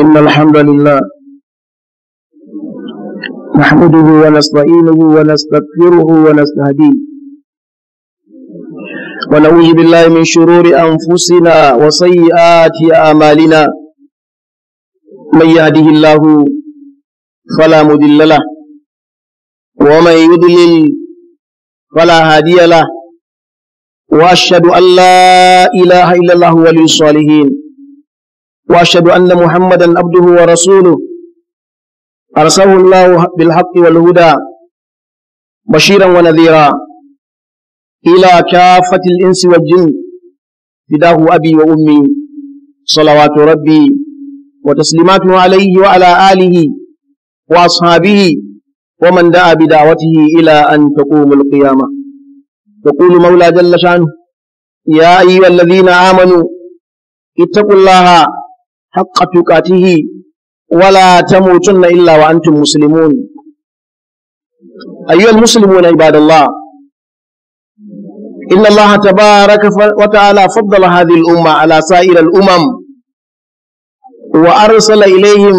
إن الحمد لله نحمده ونستعينه ونستغفره ونستهديه ونعوذ بالله من شرور أنفسنا وسيئات أعمالنا من يهده الله فلا مضل له ومن يضلل فلا هادي له وأشهد أن لا إله إلا الله ولي الصالحين وأشهد أن محمدا عبده ورسوله أرسله الله بالحق والهدى بشيرا ونذيرا إلى كافة الإنس والجن فداه أبي وأمي صلوات ربي وتسليماته عليه وعلى آله وأصحابه ومن دعا بدعوته إلى أن تقوم القيامة يقول مولى جل شانه يا أيها الذين آمنوا اتقوا الله حق تقاته ولا تموتن إلا وأنتم مسلمون أيها المسلمون عباد الله إن الله تبارك وتعالى فضل هذه الأمة على سائر الأمم وأرسل إليهم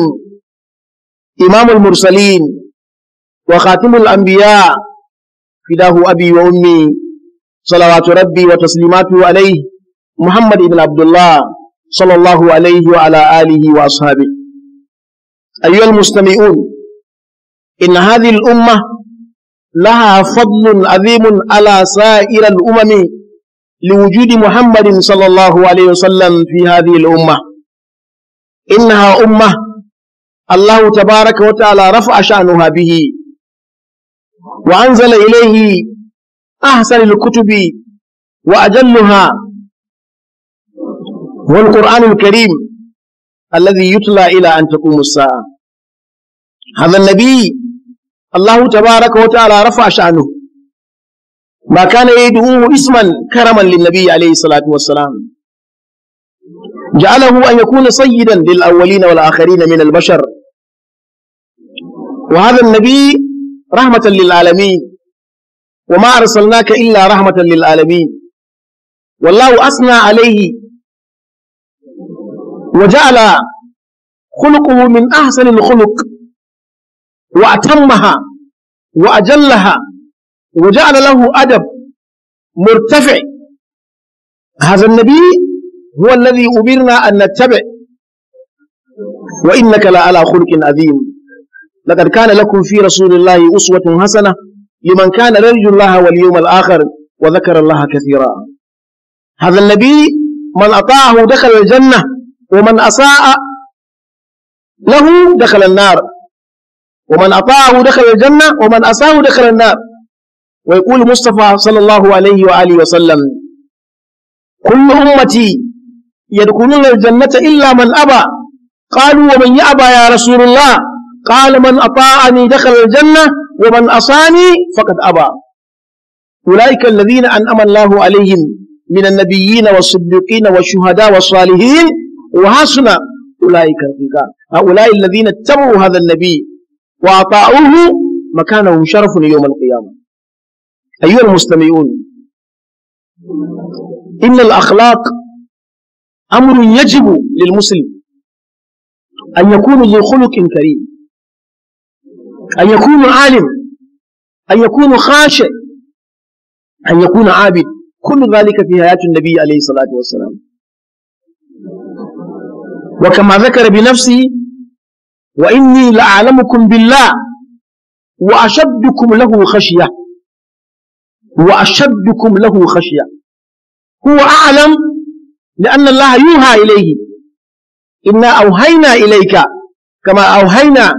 إمام المرسلين وخاتم الأنبياء فداه أبي وأمي صلوات ربي وتسليماته عليه محمد بن عبد الله صلى الله عليه وعلى آله وأصحابه أيها المستمعون إن هذه الأمة لها فضل عظيم على سائر الأمم لوجود محمد صلى الله عليه وسلم في هذه الأمة إنها أمة الله تبارك وتعالى رفع شأنها به وأنزل إليه أحسن الكتب وأجلها والقرآن الكريم الذي يتلى إلى أن تقوم الساعة هذا النبي الله تبارك وتعالى رفع شأنه ما كان يدعوه اسما كرما للنبي عليه الصلاة والسلام جعله أن يكون سيدا للأولين والآخرين من البشر وهذا النبي رحمة للعالمين وما أرسلناك إلا رحمة للعالمين والله أثنى عليه وجعل خلقه من أحسن الخلق وأتمها وأجلها وجعل له أدب مرتفع هذا النبي هو الذي أمرنا أن نتبع وإنك لعلى خلق عظيم لقد كان لكم في رسول الله أسوة حسنة لمن كان يرجو الله واليوم الآخر وذكر الله كثيرا هذا النبي من أطاعه دخل الجنة ومن أساء له دخل النار ومن أطاعه دخل الجنة ومن أساءه دخل النار ويقول مصطفى صلى الله عليه وآله وسلم كل أمتي يدخلون الجنة إلا من أبى قالوا ومن يأبى يا رسول الله قال من أطاعني دخل الجنة ومن أصاني فقد أبى أولئك الذين أنعم الله عليهم من النبيين والصديقين والشهداء والصالحين وحسن أولئك رفيقا هؤلاء الذين اتبعوا هذا النبي وأطاعوه مكانه شرف يوم القيامة أيها المستمعون إن الأخلاق أمر يجب للمسلم أن يكون ذو خلق كريم أن يكون عالم أن يكون خاشع أن يكون عابد كل ذلك في حياة النبي عليه الصلاة والسلام وكما ذكر بنفسه وإني لأعلمكم بالله وأشدكم له خشية وأشدكم له خشية هو أعلم لأن الله يوحى إليه إنا أوهينا إليك كما أوهينا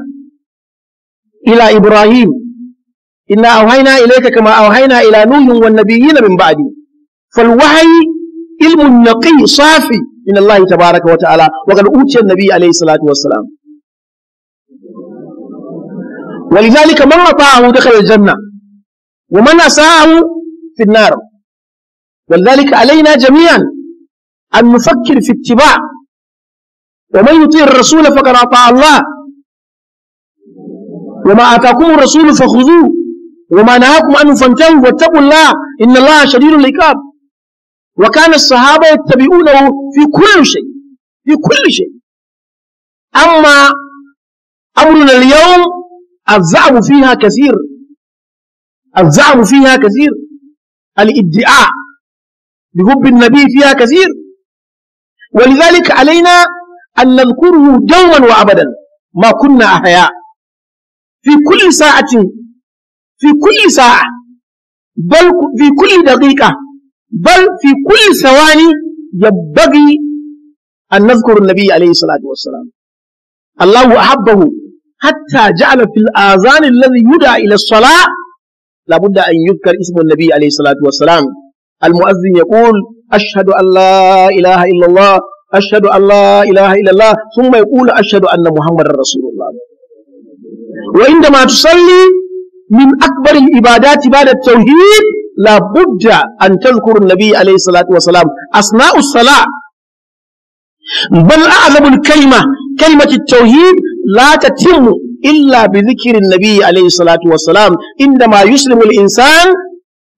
إلى إبراهيم إنا أوهينا إليك كما أوهينا إلى نوح والنبيين من بعدي فالوحي علم نقي صافي من الله تبارك وتعالى وقد أوتي النبي عليه الصلاة والسلام ولذلك من أطاعه دخل الجنة ومن أساءه في النار ولذلك علينا جميعا أن نفكر في اتباع ومن يطيع الرسول فقد أطاع الله وما آتاكم الرسول فخذوه وما نهاكم عنه فانتهوا واتقوا الله إن الله شديد العقاب وكان الصحابة يتبعونه في كل شيء في كل شيء أما أمرنا اليوم الزعم فيها كثير الزعم فيها كثير الادعاء لحب النبي فيها كثير ولذلك علينا أن نذكره دوما وأبدا ما كنا أحياء في كل ساعة في كل ساعة بل في كل دقيقة بل في كل ثواني ينبغي أن نذكر النبي عليه الصلاة والسلام الله أحبه حتى جعل في الآذان الذي يدعى إلى الصلاة لابد أن يذكر اسم النبي عليه الصلاة والسلام المؤذن يقول أشهد أن لا إله إلا الله أشهد أن لا إله إلا الله ثم يقول أشهد أن محمد رسول الله وعندما تصلي من أكبر العبادات بعد التوحيد لا بد أن تذكر النبي عليه الصلاة والسلام أثناء الصلاة بل أعظم الكلمة كلمة التوحيد لا تتم إلا بذكر النبي عليه الصلاة والسلام عندما يسلم الإنسان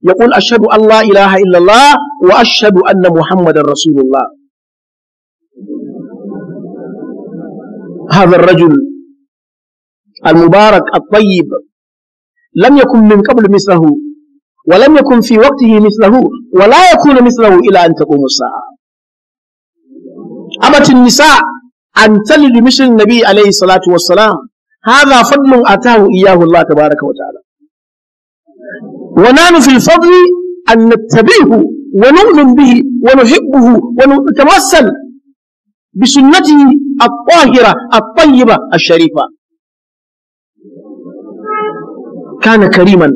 يقول أشهد أن لا إله إلا الله وأشهد أن محمدا رسول الله هذا الرجل المبارك الطيب لم يكن من قبل مثله ولم يكن في وقته مثله ولا يكون مثله إلى أن تقوم الساعة أما النساء أن تلد مثل النبي عليه الصلاة والسلام هذا فضل أتاه إياه الله تبارك وتعالى ونحن في الفضل أن نتبعه ونؤمن به ونحبه ونتوسل بسنته الطاهرة الطيبة الشريفة كان كريما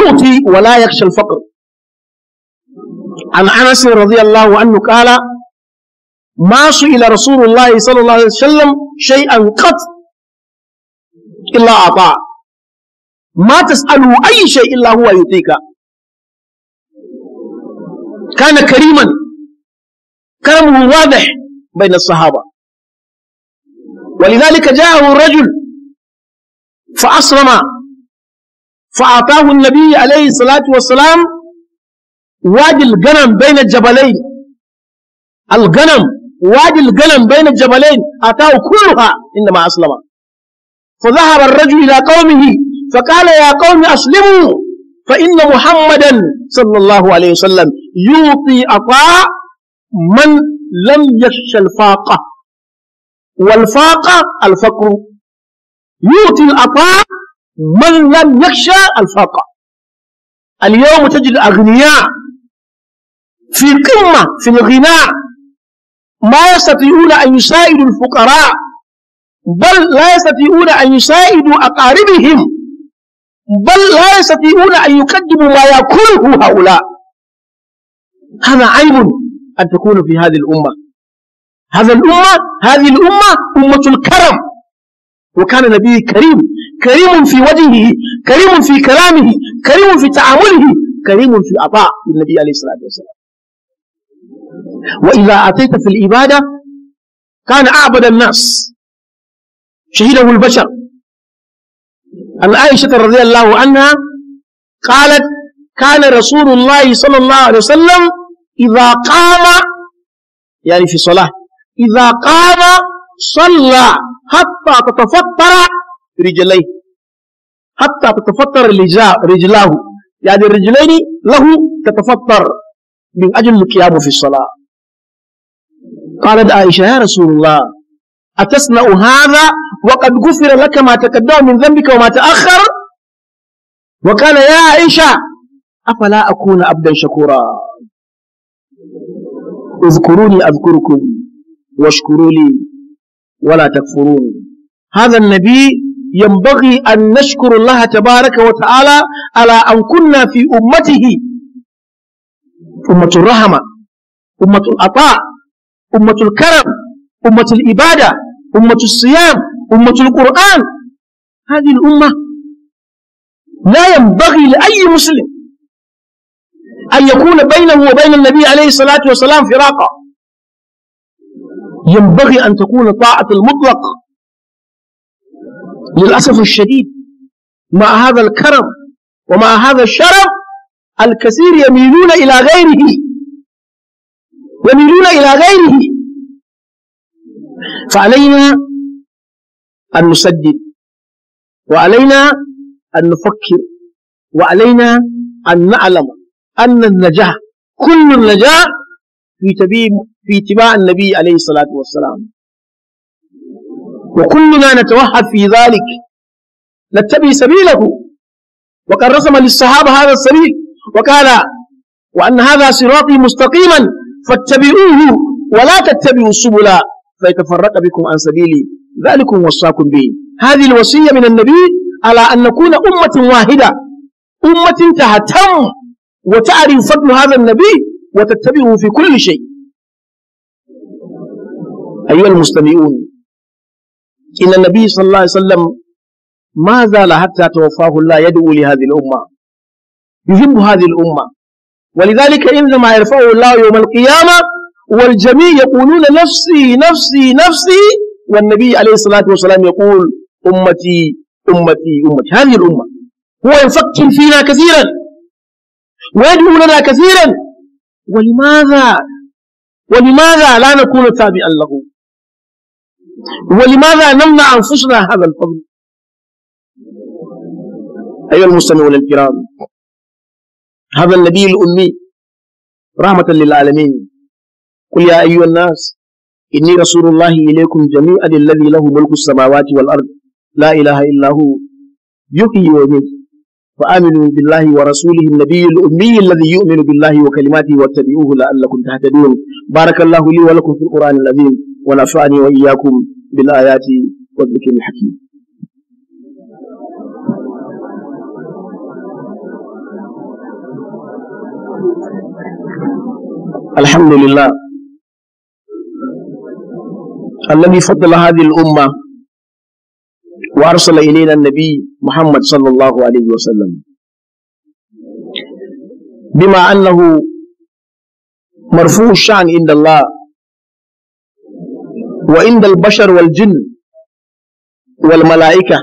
يؤتي ولا يخشى الفقر عن انس رضي الله عنه قال ما سئل رسول الله صلى الله عليه وسلم شيئا قط الا اعطاه ما تساله اي شيء الا هو يعطيك كان كريما كرمه واضح بين الصحابه ولذلك جاءه الرجل فاصرم فأعطاه النبي عليه الصلاة والسلام وادي الغنم بين الجبلين الغنم وادي الغنم بين الجبلين أعطاه كلها إنما أسلم فذهب الرجل إلى قومه فقال يا قوم أسلموا فإن محمدا صلى الله عليه وسلم يعطي عطاء من لم يخش الفاقة والفاقة الفقر يعطي العطاء من لم يخشى الفقر اليوم تجد الأغنياء في قمة في الغناء ما يستطيعون أن يساعدوا الفقراء بل لا يستطيعون أن يساعدوا أقاربهم بل لا يستطيعون أن يقدموا ما يأكله هؤلاء هذا عيب أن تكون في هذه الأمة هذا الأمة هذه الأمة أمة الكرم وكان نبي كريم كريم في وجهه كريم في كلامه كريم في تعامله كريم في عطاء النبي عليه الصلاة والسلام وإذا أتيت في العبادة كان أعبد الناس شهده البشر عن عائشة رضي الله عنها قالت كان رسول الله صلى الله عليه وسلم إذا قام يعني في صلاة إذا قام صلى حتى تتفطر رجليه حتى تتفطر رجلاه يعني الرجلين له تتفطر من أجل القيام في الصلاة قالت عائشة يا رسول الله أتصنع هذا وقد غفر لك ما تقدم من ذنبك وما تأخر وقال يا عائشة أفلا أكون عبدا شكورا اذكروني أذكركم واشكروا لي ولا تكفرون هذا النبي ينبغي أن نشكر الله تبارك وتعالى على أن كنا في أمته أمة الرحمة أمة العطاء أمة الكرم أمة الإبادة أمة الصيام أمة القرآن هذه الأمة لا ينبغي لأي مسلم أن يكون بينه وبين النبي عليه الصلاة والسلام فراقا ينبغي أن تكون طاعة المطلق للأسف الشديد مع هذا الكرم ومع هذا الشرف الكثير يميلون إلى غيره يميلون إلى غيره فعلينا أن نسدد وعلينا أن نفكر وعلينا أن نعلم أن النجاح كل النجاح في تبيب في اتباع النبي عليه الصلاة والسلام وكلنا نتوحد في ذلك نتبع سبيله وقد رسم للصحابة هذا السبيل وقال وأن هذا صراطي مستقيما فاتبعوه ولا تتبعوا السبل فيتفرق بكم عن سبيلي ذلكم وصاكم به هذه الوصية من النبي على أن نكون أمة واحدة أمة تهتم وتعرف فضل هذا النبي وتتبعه في كل شيء أيها المستمعون إن النبي صلى الله عليه وسلم ما زال حتى توفاه الله يدعو لهذه الأمة يحب هذه الأمة ولذلك إنما يرفعه الله يوم القيامة والجميع يقولون نفسي نفسي نفسي والنبي عليه الصلاة والسلام يقول أمتي أمتي أمتي هذه الأمة هو يفكر فينا كثيرا ويدعو لنا كثيرا ولماذا ولماذا لا نكون تابعا له ولماذا نمنع أنفسنا هذا الفضل أيها المستمعون الكرام هذا النبي الأمي رحمة للعالمين قل يا أيها الناس إني رسول الله إليكم جميعا الذي له ملك السماوات والأرض لا إله إلا هو يحيي ويميت فآمنوا بالله ورسوله النبي الأمي الذي يؤمن بالله وكلماته واتبعوه لعلكم تهتدون بارك الله لي ولكم في القرآن العظيم ونفعني وإياكم بالآيات والذكر الحكيم الحمد لله الذي فضل هذه الأمة وأرسل إلينا النبي محمد صلى الله عليه وسلم بما أنه مرفوع الشأن عند الله وعند البشر والجن والملائكة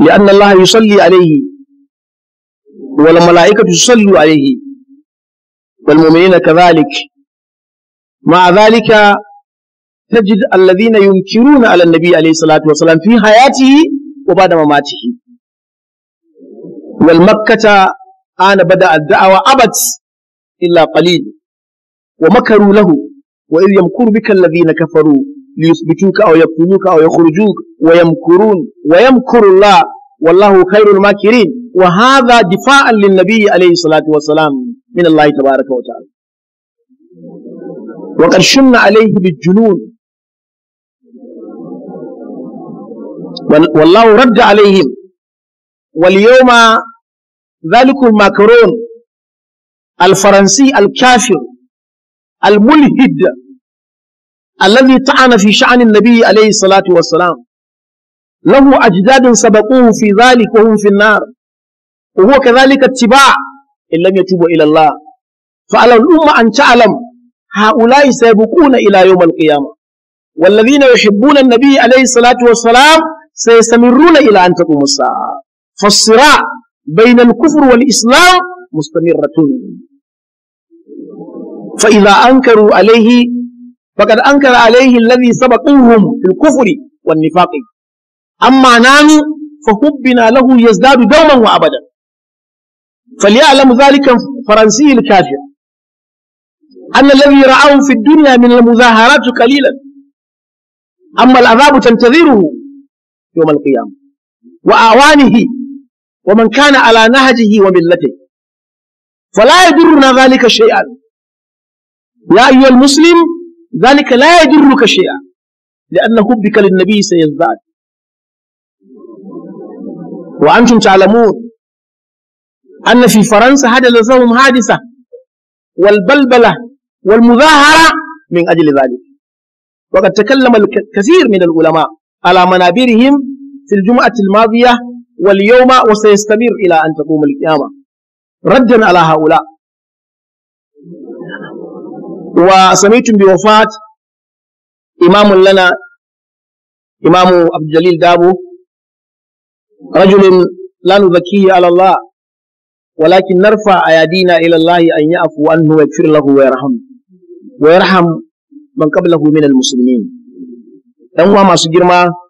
لأن الله يصلي عليه والملائكة تصلي عليه والمؤمنين كذلك مع ذلك تجد الذين ينكرون على النبي عليه الصلاة والسلام في حياته وبعد مماته والمكة آن بدأ الدعوة أبد إلا قليل ومكروا له وإذ يمكر بك الذين كفروا ليثبتوك أو يقتلوك أو يخرجوك ويمكرون ويمكر الله والله خير الماكرين وهذا دفاعا للنبي عليه الصلاة والسلام من الله تبارك وتعالى وقد شن عليه بالجنون والله رد عليهم واليوم ذلك ماكرون الفرنسي الكافر الملحد الذي طعن في شأن النبي عليه الصلاة والسلام له أجداد سبقوه في ذلك وهم في النار وهو كذلك اتباع إن لم يتوبوا إلى الله فعلى الأمة أن تعلم هؤلاء سيبقون إلى يوم القيامة والذين يحبون النبي عليه الصلاة والسلام سيستمرون إلى أن تقوم الساعة فالصراع بين الكفر والإسلام مستمرة فإذا أنكروا عليه فقد أنكر عليه الذي سبقوهم في الكفر والنفاق أما نحن فحبنا له يزداد دوما وأبدا فليعلم ذلك الفرنسي الكافر أن الذي رأوه في الدنيا من المظاهرات قليلا أما العذاب تنتظره يوم القيامة وآوانه ومن كان على نهجه وملته فلا يضرنا ذلك شيئا يا أيها المسلم ذلك لا يضرك شيئا لأن حبك للنبي سيزداد وأنتم تعلمون أن في فرنسا حدث لهم حادثة والبلبلة والمظاهرة من أجل ذلك وقد تكلم الكثير من العلماء على منابرهم في الجمعة الماضية واليوم وسيستمر إلى أن تقوم القيامة ردا على هؤلاء وسمعتم بوفاة إمام لنا إمام عبد الجليل دابو رجل لا نذكيه على الله ولكن نرفع أيدينا إلى الله أن يعفو عنه ويغفر له ويرحم ويرحم man qablahu minal muslimin dan uwa masu girma